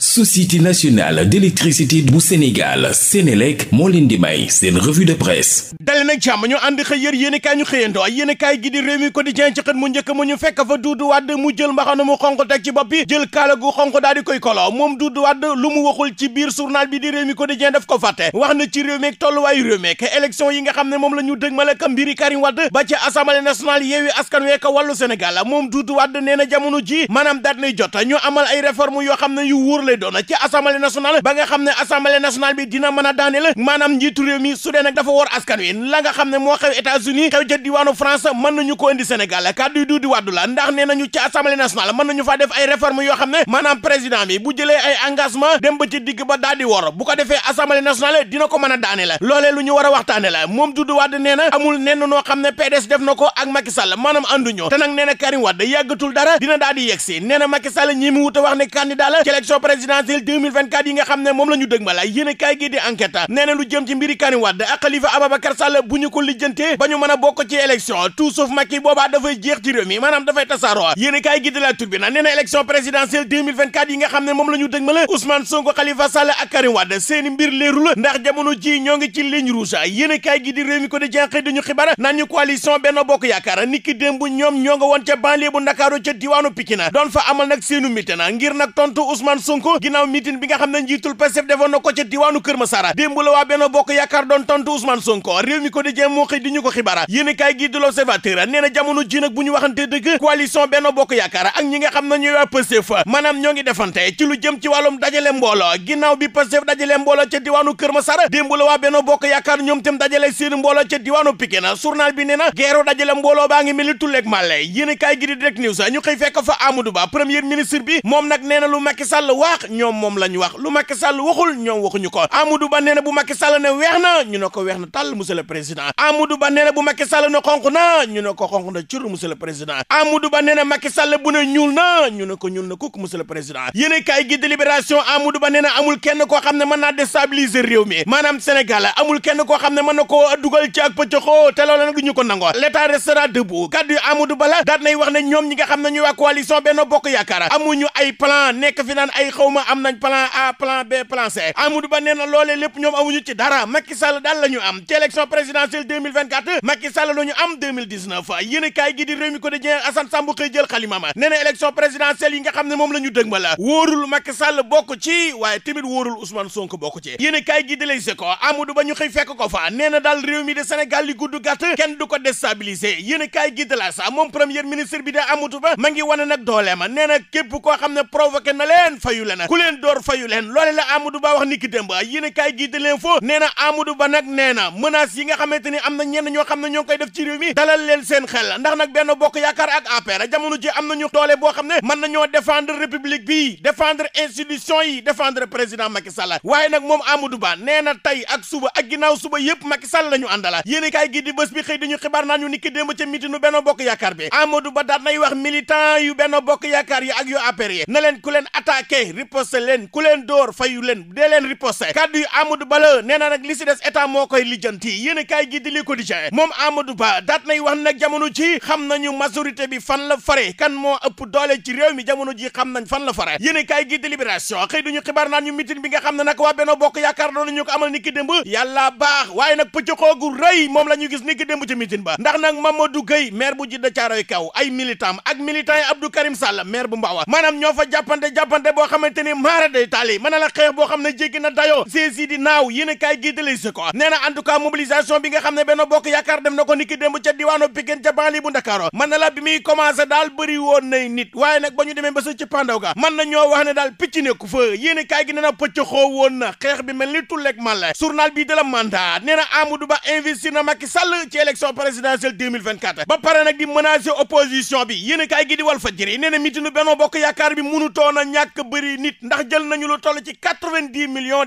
société nationale d'électricité bu Sénégal Sénélec moo leen di may seen revue de presse dale nag jàmm ñu ànd xëy yër yéen i kaay ñu xëyandoo yéen i kaay gi di réew mi quotidien ci xët mu njëkk mu ñu fekk fa Doudou Wade mu jël mbaxana mu xonq teg ci bopp bi jël kaala gu xonq daal koy koloo moom Doudou Wade lu mu waxul ci biir journal bi di réew mi quotidien daf ko fàtte wax na ci réew meeg tolluwaayu réew meeg élection yi nga xam ne moom la ñu dëgmal ak mbiri Karim Wade ba ci ji maanaam daat nay jot ñu yoo xam ne lay doona ci assemblée nationale ba xam ne assemblée nationale bi dina mën a daane la maanaam njiitu mi su dafa war askan wi la xam ne moo xew états xew ca diwaanu France mën nañu ko indi Sénégal kàddu di wàddu la ndax nee nañu ci assemblée nationale mën nañu faa def ay réformes yoo xam ne maanaam président bi bu jëlee ay engagement dem ba ci digg ba daal bu ko defee assemblée nationale a a noo xam ne PDS def na ko ak Macky Sall maanaam anduñoo te nee présidentielle 2024 yi nga xam ne moom la ñu dëgmal yéen a di enquête nee lu jëm ci mbiri Karim Wade ak Khalifa Ababacar Sall bu ñu ko lijjantee ba ñu mën bokk ci élection tout sauf Macky boobaa dafay jeex ci réew mi maanaam dafay tasaaroo yéen a di la Tribune nee na élection présidentielle 2024 yi nga xam ne moom la ñu dëgmal Ousmane Sonko Khalifa Sall ak Karim Wade seeni mbir leerul ndax jamono ji ñoo ngi ci ligne rouge yéen a kaay di réew ko di Sonko ginnaaw meeting bi nga xam ne njiitul Pastef defoon na ko ca diwaanu Kër Masara démb la waa Benno Bokk Yaakaar doon tontu Ousmane Sonko réew mi ko di jéem moo xëy ñu ko xibaara yéen kaay gii di l'Observateur nee na jamono ji nag bu ñu waxante dëgg coalition Benno Bokk Yaakaar ak ñi nga xam ne ñooy waa Pastef maanaam ñoo ngi defante ci lu jëm ci wàllum dajale mbooloo ginnaaw bi Pastef dajale mbooloo ca diwaanu Kër Masara démb la waa Benno Bokk Yaakaar ñoom wax ñoom moom la ñu wax lu Macky Sall waxul ñoom waxuñu ko Amadou Ba nee na bu Macky Sall ne weex na ñu ne ko weex na tàll monsieur président Amadou Ba nee bu Macky Sall ne xonq na ñu ne ko xonq na cur monsieur le président Amadou Ba nee na Macky Sall bu ne ñuul na ñu ne ko ñuul na kuk monsieur le président yéen a kaay gi délibération Amadou Ba nee na amul kenn ko xam ne mën naa déstabiliser réew mi maanaam Sénégal amul kenn koo xam ne mën na ko dugal ci ak pëccoxoo te loolu nag ñu ko nangoo l'état restera debout kaddu yu Amadou Ba la daat nay wax na ñoom ñi nga xam ne ñuy waa coalition Benno Bokk Yaakaar ay plan nekk fi naan ay xaw ma am nañ plan A plan B plan C Amadou Ba nee na loolee lépp ñoom amuñu ci dara Macky Sall daal am ci élection présidentielle 2024 Macky Sall la ñu am 2019 yéen a kaay gi di Rewmi Quotidien Assane Samb xëy jël xalimaam nee na élection présidentielle yi nga xam ne moom la ñu dëg ma la wóorul Macky waaye tamit wóorul Ousmane Sonko bokk ci yéen a kaay gi di Les Échos Amadou ñu xëy ko fa nee na daal de Sénégal li la sa moom premier ministre bi de Amadou Ba ma ngi wane nag dooleema nee na képp koo xam ne provoqué leen ku leen door fayu leen loole la Amadou Ba wax ni ki démb yéenekaay gi di l'info nee na Amadou Ba nag nee na menaces yi nga xamante ni am na ñenn ñoo xam ne ñoo koy def ci réew mi dalal leen seen xel ndax nag benn bokk yaakaar ak a jamono ji am nañu doole boo xam ne mën nañoo défendre république bi défendre institution yi défendre président Macky Sall waaye nag moom Amadou Ba nee na tey ak suba ak ginnaaw suba yëpp Macky sala nañu ñu àndala yéenekaay gi di bés bi xëy di ñu xibaar ñu ni ki démb ca benn bokk yaakaar bi Ba daat nay wax militant benn bokk yaakaar yi ak yu APR yi leen ku leen attaqué riposte leen ku leen dóor fayu leen dee leen riposte kàddu yu Amadou Ba la nee na nag li moo koy lijjanti yéen gi di li ko di jaay moom Amadou Ba daat nay wax nag jamono ji xam nañu majorité bi fan la fare kan moo ëpp doole ci réew mi jamono ji xam na fan la fare yéen a kaay gi di libération xëy duñu xibaar naan ñu meeting bi nga xam ne nag waa Benno Bokk Yaakaar doon ñu ko amal ni ki démb baax waaye nag pëccëxoo gu rëy moom la ñu gis ni ki démb ci meeting ba ndax nag Mamadou Gueye maire bu Djiddah Thiaroye Kaw ay militant ak militant yi Abdou xamante ni maara day taali mën na xeex boo xam ne jéggi na dayoo saisi di naaw yéen a kaay si ko nee na en tout bi nga xam ne benn bokk yaakaar dem na ko niki démb ca diwaanu Pikine ca banlieue bu Ndakaaru mën na bi muy commencé daal bëri woon nay nit waaye nag ba demee ba sa ci pandaw ga mën na ñoo wax ne daal picc ne ku fa yéen a gi nee na pëcc xoo woon na xeex bi mel ni tulleeg màlle journal la mandat nee na Amadou Ba investir nee na mitinu benn ay nit ndax jël nañu lu toll ci quatre vingt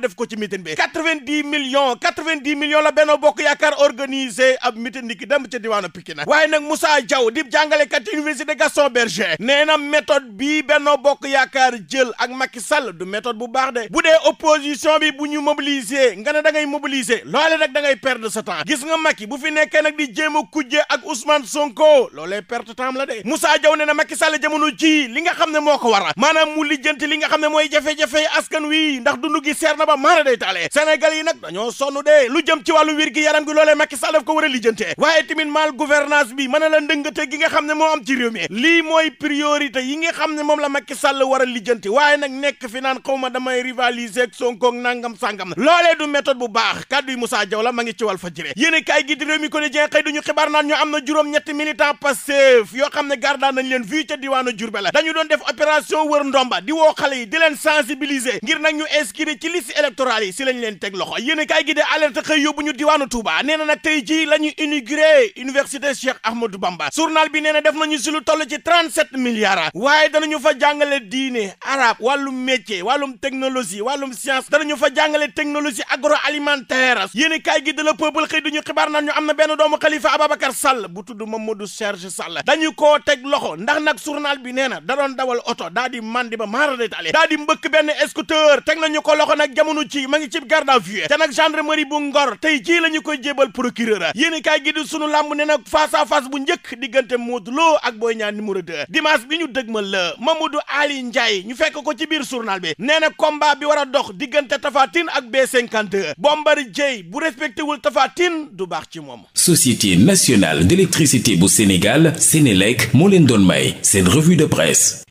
def ko ci mitin bi quatre-vingt-dix millions quatre-vingt-dix millions la Benno Bokk Yaakaar organisé ab mitin ni ki dem ca diwaanu waaye nag Moussa Diaw di jàngalekat université Gaston Berger nee na méthode bii Benno Bokk Yaakaar jël ak Macky Sall du méthode bu baax de bu dee opposition bi bu ñu mobiliser nga ne da ngay mobiliser loole nag da ngay perdre sa temps gis nga Macky bu fi nekkee nag di jéem a kujje ak Ousmane Sonko loolee perte temps la de Moussa Diaw nee na Macky Sall jamono li nga xam ne moo ko war maanaam mu lijjanti li nga xam ne mooy jafe-jafe askan wi ndax dund gi seer na ba maara day taale Sénégal yi nag dañoo sonn de lu jëm ci wàllu wér gi yaram gi loolee Macky Sall daf ko war a lijjante waaye tamit mal gouvernance bi mën a la ndëngate gi nga xam ne moo ci lii mooy priorité yi nga xam ne moom la Macky Sall war a lijjanti waaye nag nekk fi naan xaw ma damay rivaliser ak Sonko nangam sangam loolee du méthode bu baax kàddu yi Moussa Diaw la ma ngi ci wàl fa jëre yéen kaay gi di réew mi ko di jeexee duñu xibaar naan ñoo am na juróom-ñetti militant Pastef yoo xam ne gardaa nañ leen fii ca diwaanu Diourbel la doon def opération wër ndomba di woo yi di leen sensibiliser ngir nag ñu inscrire ci liste électorale yi si lañ leen teg loxo yéen a kaay gi de alerte xëy yóbbu ñu diwaanu Touba nee na nag tey jii la ñu inauguré université Cheikh Ahmadou Bamba journal bi nee na def nañu si lu toll ci 37 milliards waaye danañu fa jàngale diine arabe wàllum métier wàllum technologie wàllum science danañu fa jàngale technologie agroalimentaire yéen a kaay gi de la peuple xëy duñu xibaar naan ñu am na benn doomu Khalifa Ababacar Sall bu tudd Mamadou Serge Sall dañu koo teg loxo ndax nag journal bi nee na da dawal oto daa di mandi ba maara day daa di mbëkk benn scooter teg nañu ko loxo nag jamono ci ma ngi ci garde à vue te nag gendarmerie bu ngor tey jii la ñu koy jébal procureur yéen i kaay gi làmb ne nag face à bu njëkk diggante Modou Lo ak Boy Niang numéro 2 dimanche bi ñu dëgmal la Mamadou Ali Ndiaye ñu fekk ko ci biir journal bi nee na combat bi war a dox diggante Tapha ak ak B52 Bombardier bu respecté wul Tapha du baax ci moom. Société nationale d'électricité bu Sénégal Sénélec moo leen doon may seen revue de presse.